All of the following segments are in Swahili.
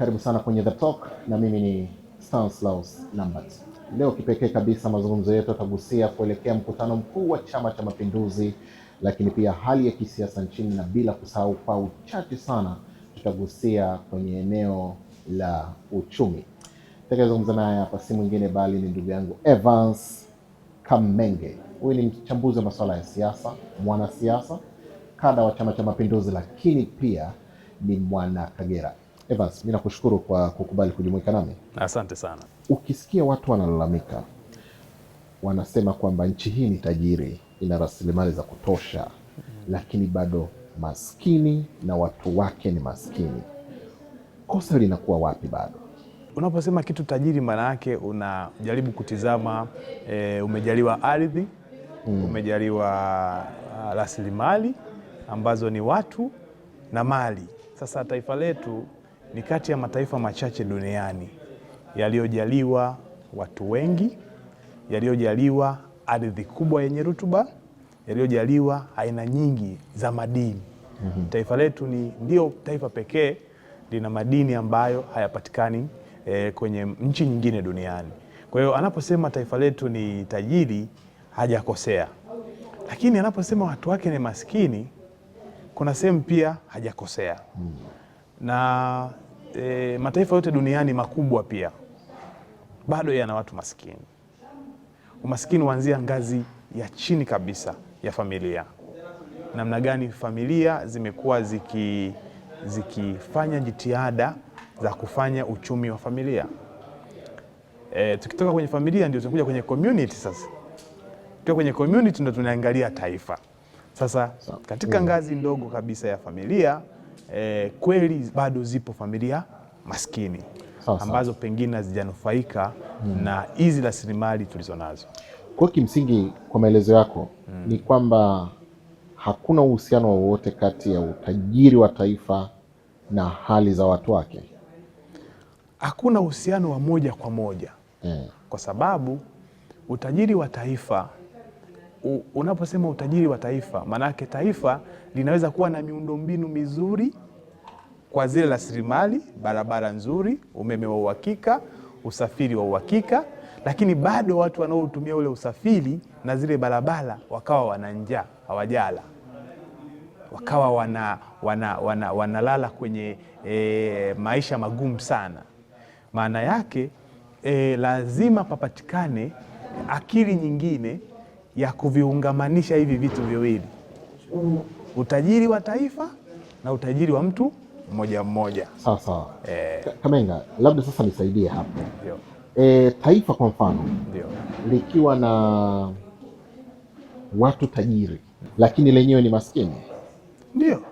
Karibu sana kwenye The Talk na mimi ni Stanislaus Lambert. Leo kipekee kabisa mazungumzo yetu yatagusia kuelekea mkutano mkuu wa Chama cha Mapinduzi, lakini pia hali ya kisiasa nchini, na bila kusahau kwa uchache sana tutagusia kwenye eneo la uchumi. Takayezungumza naye hapa si mwingine bali ni ndugu yangu Evans Kamenge. Huyu ni mchambuzi wa masuala ya siasa, mwanasiasa, kada wa Chama cha Mapinduzi, lakini pia ni mwana Kagera. Evans, mimi nakushukuru kwa kukubali kujumuika nami. Asante sana. Ukisikia watu wanalalamika, wanasema kwamba nchi hii ni tajiri, ina rasilimali za kutosha, lakini bado maskini na watu wake ni maskini, kosa linakuwa wapi bado? Unaposema kitu tajiri, maana yake unajaribu kutizama e, umejaliwa ardhi mm. umejaliwa ah, rasilimali ambazo ni watu na mali. Sasa taifa letu ni kati ya mataifa machache duniani yaliyojaliwa watu wengi, yaliyojaliwa ardhi kubwa yenye rutuba, yaliyojaliwa aina nyingi za madini. Mm -hmm. Taifa letu ni ndio taifa pekee lina madini ambayo hayapatikani e, kwenye nchi nyingine duniani. Kwa hiyo anaposema taifa letu ni tajiri hajakosea, lakini anaposema watu wake ni maskini, kuna sehemu pia hajakosea. Mm -hmm na e, mataifa yote duniani makubwa pia bado yana watu maskini. Umaskini huanzia ngazi ya chini kabisa ya familia. Namna gani familia zimekuwa ziki zikifanya jitihada za kufanya uchumi wa familia. E, tukitoka kwenye familia ndio tunakuja kwenye community sasa. Tukiwa kwenye community ndio tunaangalia taifa. Sasa katika mm. ngazi ndogo kabisa ya familia eh, kweli bado zipo familia maskini Sasa, ambazo pengine hazijanufaika hmm, na hizi rasilimali tulizonazo. Kwa kimsingi, kwa maelezo yako hmm, ni kwamba hakuna uhusiano wowote kati ya utajiri wa taifa na hali za watu wake. Hakuna uhusiano wa moja kwa moja hmm, kwa sababu utajiri wa taifa unaposema utajiri wa taifa, maanake taifa linaweza kuwa na miundombinu mizuri kwa zile rasilimali, barabara nzuri, umeme wa uhakika, usafiri wa uhakika, lakini bado watu wanaotumia ule usafiri na zile barabara wakawa wana njaa, hawajala, wakawa wana, wana, wana, wanalala kwenye e, maisha magumu sana. Maana yake e, lazima papatikane akili nyingine ya kuviungamanisha hivi vitu viwili, utajiri wa taifa na utajiri wa mtu mmoja mmoja. Sawa sawa. E, Kamenga, labda sasa nisaidie hapo. E, taifa kwa mfano ndio likiwa na watu tajiri lakini lenyewe ni maskini, ndio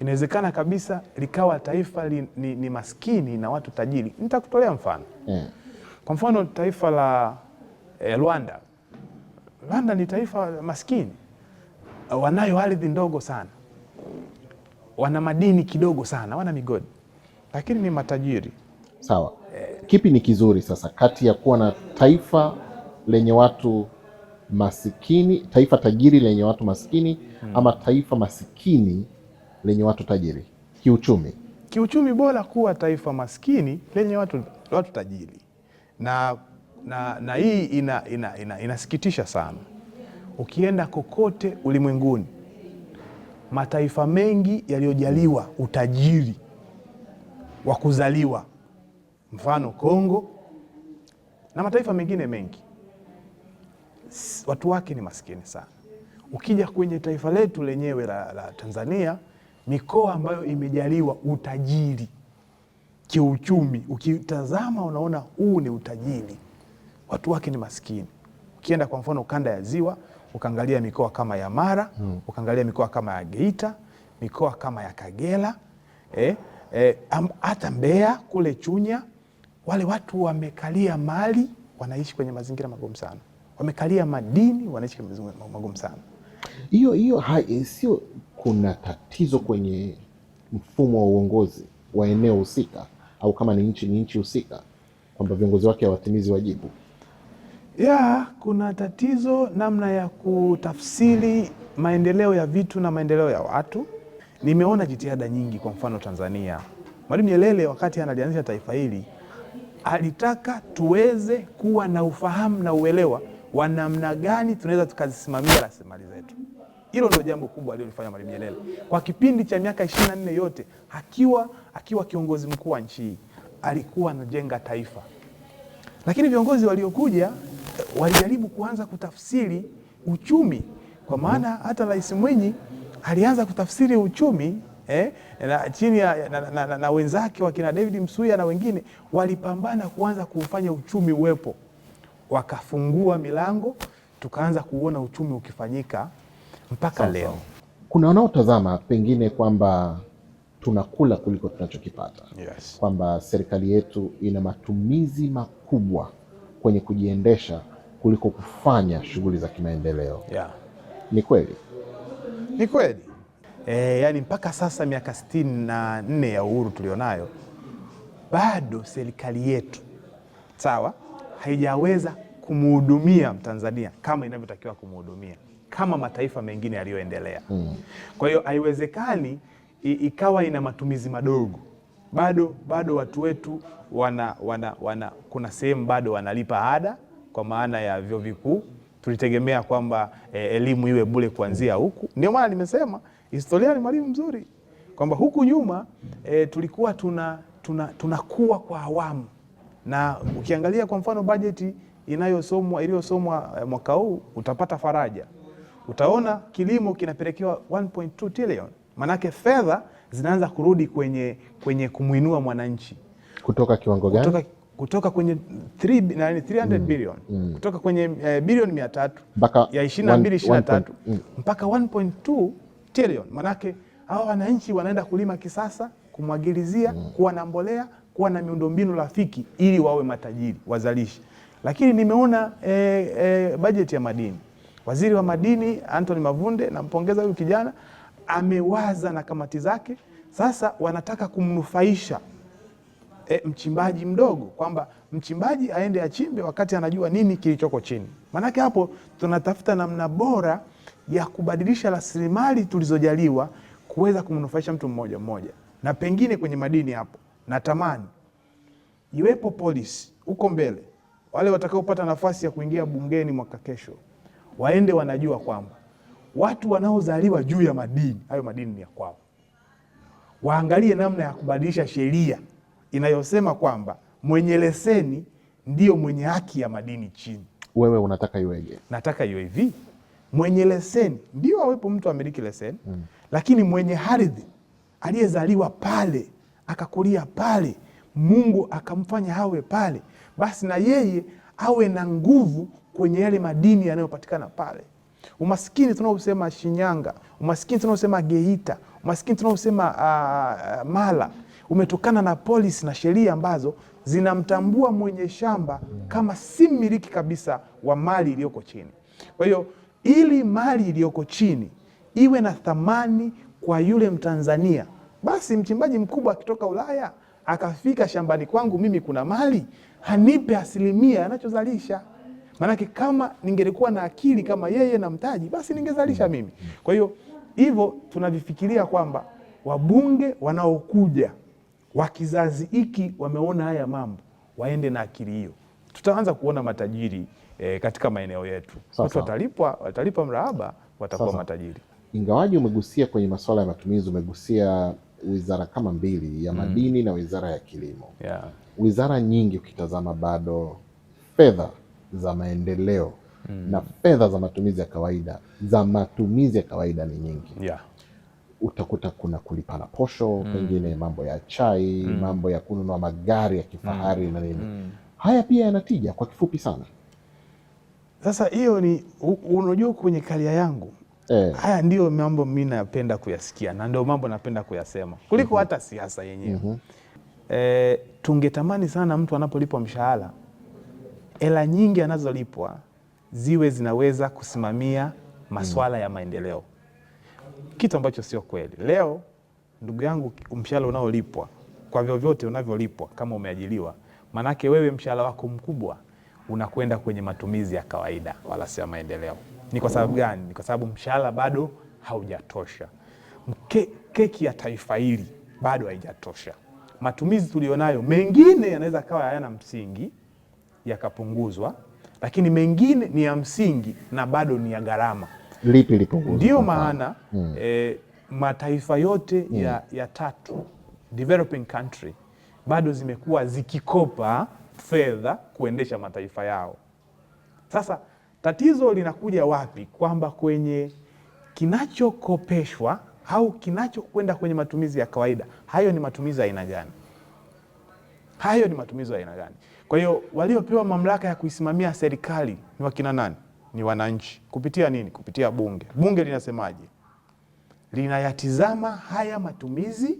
inawezekana kabisa likawa taifa li, ni, ni maskini na watu tajiri. Nitakutolea mfano yeah. Kwa mfano taifa la eh, Rwanda Rwanda ni taifa maskini, wanayo ardhi ndogo sana, wana madini kidogo sana, wana migodi, lakini ni matajiri. Sawa, kipi ni kizuri sasa kati ya kuwa na taifa lenye watu masikini, taifa tajiri lenye watu masikini hmm, ama taifa masikini lenye watu tajiri kiuchumi? Kiuchumi bora kuwa taifa maskini lenye watu, watu tajiri na na, na hii ina, ina, ina, inasikitisha sana. Ukienda kokote ulimwenguni, mataifa mengi yaliyojaliwa utajiri wa kuzaliwa, mfano Kongo na mataifa mengine mengi, watu wake ni maskini sana. Ukija kwenye taifa letu lenyewe la, la Tanzania, mikoa ambayo imejaliwa utajiri kiuchumi, ukitazama unaona huu ni utajiri watu wake ni maskini. Ukienda kwa mfano ukanda ya Ziwa, ukaangalia mikoa kama ya Mara hmm. ukaangalia mikoa kama ya Geita, mikoa kama ya Kagera eh, eh, hata Mbeya kule Chunya, wale watu wamekalia mali, wanaishi kwenye mazingira magumu sana, wamekalia madini, wanaishi kwenye mazingira magumu sana. Hiyo hiyo eh, sio, kuna tatizo kwenye mfumo wa uongozi wa eneo husika, au kama ni nchi ni nchi husika, kwamba viongozi wake hawatimizi wajibu. Ya, kuna tatizo namna ya kutafsiri maendeleo ya vitu na maendeleo ya watu. Nimeona jitihada nyingi, kwa mfano Tanzania, Mwalimu Nyerere wakati analianzisha taifa hili alitaka tuweze kuwa na ufahamu na uelewa wa namna gani tunaweza tukazisimamia rasilimali zetu. Hilo ndio jambo kubwa alilofanya Mwalimu Nyerere kwa kipindi cha miaka 24 yote akiwa, akiwa kiongozi mkuu wa nchi hii, alikuwa anajenga taifa, lakini viongozi waliokuja walijaribu kuanza kutafsiri uchumi, kwa maana hata Rais Mwinyi alianza kutafsiri uchumi eh, na, chini ya, na, na, na, na wenzake wakina David Msuya na wengine walipambana kuanza kuufanya uchumi uwepo, wakafungua milango tukaanza kuona uchumi ukifanyika mpaka Sasa leo. Kuna wanaotazama pengine kwamba tunakula kuliko tunachokipata, yes. Kwamba serikali yetu ina matumizi makubwa kwenye kujiendesha kuliko kufanya shughuli za kimaendeleo yeah. Ni kweli, ni kweli e, yani mpaka sasa miaka sitini na nne ya uhuru tulionayo bado serikali yetu sawa, haijaweza kumhudumia Mtanzania kama inavyotakiwa kumhudumia kama mataifa mengine yaliyoendelea mm. Kwa hiyo haiwezekani ikawa ina matumizi madogo bado bado watu wetu wana, wana, wana, kuna sehemu bado wanalipa ada kwa maana ya vyuo vikuu. Tulitegemea kwamba e, elimu iwe bure kuanzia huku. Ndio maana nimesema historia ni mwalimu mzuri kwamba huku nyuma e, tulikuwa tuna tunakuwa tuna kwa awamu, na ukiangalia kwa mfano bajeti inayosomwa iliyosomwa eh, mwaka huu utapata faraja, utaona kilimo kinapelekewa 1.2 trillion, manake fedha zinaanza kurudi kwenye, kwenye kumwinua mwananchi kutoka kiwango gani? Kutoka, kutoka kwenye 300 mm, bilioni mm. kutoka kwenye eh, bilioni mia tatu ya 22 23 mm. mpaka 1.2 trillion. Manake hawa wananchi wanaenda kulima kisasa, kumwagilizia mm. kuwa na mbolea, kuwa na miundombinu rafiki ili wawe matajiri wazalishi. Lakini nimeona eh, eh, bajeti ya madini, waziri wa madini Anthony Mavunde, nampongeza huyu kijana amewaza na kamati zake, sasa wanataka kumnufaisha e, mchimbaji mdogo kwamba mchimbaji aende achimbe wakati anajua nini kilichoko chini. Maanake hapo tunatafuta namna bora ya kubadilisha rasilimali tulizojaliwa kuweza kumnufaisha mtu mmoja mmoja, na pengine kwenye madini hapo natamani iwepo polisi huko mbele, wale watakaopata nafasi ya kuingia bungeni mwaka kesho waende wanajua kwamba watu wanaozaliwa juu ya madini hayo, madini ni ya kwao. Waangalie namna ya kubadilisha sheria inayosema kwamba mwenye leseni ndiyo mwenye haki ya madini chini. Wewe unataka iweje? Nataka iwe hivi, mwenye leseni ndio awepo mtu amiliki leseni mm. Lakini mwenye ardhi aliyezaliwa pale akakulia pale, Mungu akamfanya awe pale, basi na yeye awe na nguvu kwenye yale madini yanayopatikana pale. Umaskini tunaosema Shinyanga, umaskini tunaosema Geita, umaskini tunaosema uh, Mala umetokana na polisi na sheria ambazo zinamtambua mwenye shamba kama si mmiliki kabisa wa mali iliyoko chini. Kwa hiyo ili mali iliyoko chini iwe na thamani kwa yule Mtanzania, basi mchimbaji mkubwa akitoka Ulaya akafika shambani kwangu mimi kuna mali, hanipe asilimia anachozalisha. Maanake kama ningelikuwa na akili kama yeye na mtaji, basi ningezalisha mm. mimi. Kwa hiyo hivyo tunavifikiria kwamba wabunge wanaokuja wa kizazi hiki wameona haya mambo, waende na akili hiyo, tutaanza kuona matajiri eh, katika maeneo yetu. watu watalipwa, watalipa mrahaba, watakuwa matajiri. Ingawaji umegusia kwenye masuala ya matumizi, umegusia wizara kama mbili ya mm. madini mm, na wizara ya kilimo yeah. Wizara nyingi ukitazama bado fedha za maendeleo mm. na fedha za matumizi ya kawaida za matumizi ya kawaida ni nyingi yeah. Utakuta kuna kulipana posho mm. pengine mambo ya chai mm. mambo ya kununua magari ya hmm. kifahari mm. na nini mm. haya pia yanatija. Kwa kifupi sana, sasa hiyo ni unajua, kwenye karia yangu Eh. Haya ndiyo mambo mi napenda kuyasikia na ndio mambo napenda kuyasema kuliko mm -hmm. hata siasa yenyewe mm -hmm. Eh, tungetamani sana mtu anapolipwa mshahara hela nyingi anazolipwa ziwe zinaweza kusimamia masuala ya maendeleo, kitu ambacho sio kweli. Leo ndugu yangu, mshahara unaolipwa kwa vyovyote unavyolipwa, kama umeajiliwa, manake wewe mshahara wako mkubwa unakwenda kwenye matumizi ya kawaida, wala sio maendeleo. Ni kwa sababu gani? Ni kwa sababu mshahara bado haujatosha. Mke, keki ya taifa hili bado haijatosha. Matumizi tulionayo mengine yanaweza kawa hayana msingi yakapunguzwa, lakini mengine ni ya msingi na bado ni ya gharama. Lipi lipunguzwa? Ndiyo maana hmm. e, mataifa yote hmm. ya, ya tatu developing country bado zimekuwa zikikopa fedha kuendesha mataifa yao. Sasa tatizo linakuja wapi? Kwamba kwenye kinachokopeshwa au kinachokwenda kwenye matumizi ya kawaida, hayo ni matumizi ya aina gani? Hayo ni matumizi ya aina gani? Kwa hiyo waliopewa mamlaka ya kuisimamia serikali ni wakina nani? Ni wananchi. Kupitia nini? Kupitia bunge. Bunge linasemaje? Linayatizama haya matumizi,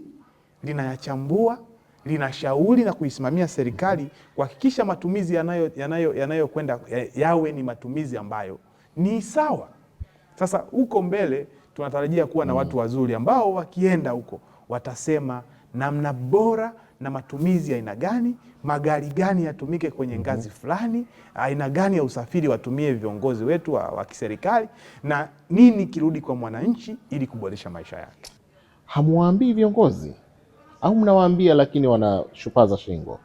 linayachambua, linashauri na kuisimamia serikali kuhakikisha matumizi yanayokwenda yanayo, ya yawe ni matumizi ambayo ni sawa. Sasa huko mbele tunatarajia kuwa na watu mm. wazuri ambao wakienda huko watasema namna bora na matumizi aina gani, magari gani yatumike kwenye mhm. ngazi fulani, aina gani ya usafiri watumie viongozi wetu wa, wa kiserikali na nini kirudi kwa mwananchi ili kuboresha maisha yake. Hamwaambii viongozi au mnawaambia lakini wanashupaza shingo?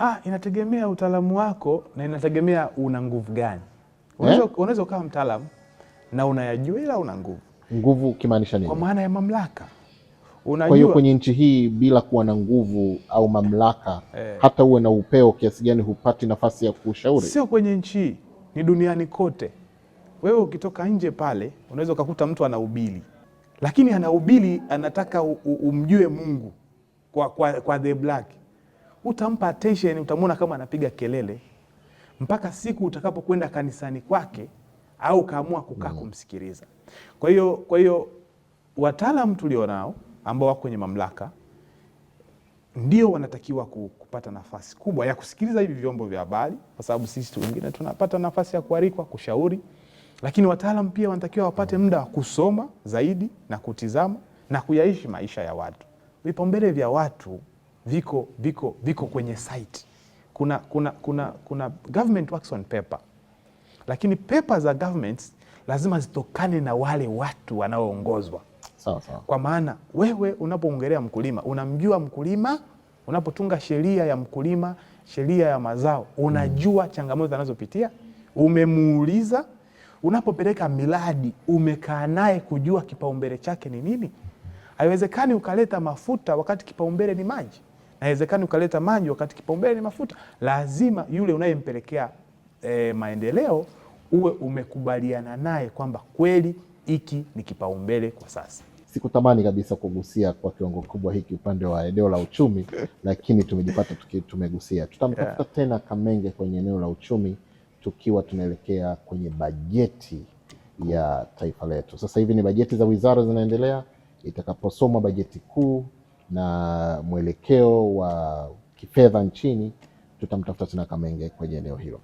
Ah, inategemea utaalamu wako na inategemea una nguvu gani. Unaweza eh? ukawa mtaalamu na unayajua ila una nguvu. Nguvu kimaanisha nini? Kwa maana ya mamlaka Unajua, kwa hiyo kwenye nchi hii bila kuwa na nguvu au mamlaka e. hata uwe na upeo kiasi gani hupati nafasi ya kushauri. Sio kwenye nchi hii, ni duniani kote. Wewe ukitoka nje pale unaweza ukakuta mtu anahubiri, lakini anahubiri anataka umjue Mungu kwa, kwa, kwa the black, utampa attention, utamwona kama anapiga kelele mpaka siku utakapokwenda kanisani kwake au ukaamua kukaa mm. kumsikiliza. Kwa hiyo kwa hiyo wataalamu tulionao ambao wako kwenye mamlaka ndio wanatakiwa kupata nafasi kubwa ya kusikiliza hivi vyombo vya habari, kwa sababu sisi wengine tunapata nafasi ya kualikwa kushauri, lakini wataalam pia wanatakiwa wapate muda wa kusoma zaidi na kutizama na kuyaishi maisha ya watu. Vipaumbele vya watu viko viko viko kwenye site. Kuna, kuna, kuna, kuna government works on paper, lakini paper za governments lazima zitokane na wale watu wanaoongozwa sawa Kwa maana wewe unapoongelea mkulima unamjua mkulima, unapotunga sheria ya mkulima, sheria ya mazao unajua mm. changamoto anazopitia umemuuliza, unapopeleka miradi umekaa naye kujua kipaumbele chake ni nini. Haiwezekani ukaleta mafuta wakati kipaumbele ni maji, haiwezekani ukaleta maji wakati kipaumbele ni mafuta. Lazima yule unayempelekea e, maendeleo uwe umekubaliana naye kwamba kweli hiki ni kipaumbele kwa sasa. Sikutamani kabisa kugusia kwa kiwango kubwa hiki upande wa eneo la uchumi, lakini tumejipata tumegusia. Tutamtafuta yeah, tena Kamenge kwenye eneo la uchumi tukiwa tunaelekea kwenye bajeti ya taifa letu. Sasa hivi ni bajeti za wizara zinaendelea, itakaposomwa bajeti kuu na mwelekeo wa kifedha nchini, tutamtafuta tena Kamenge kwenye eneo hilo.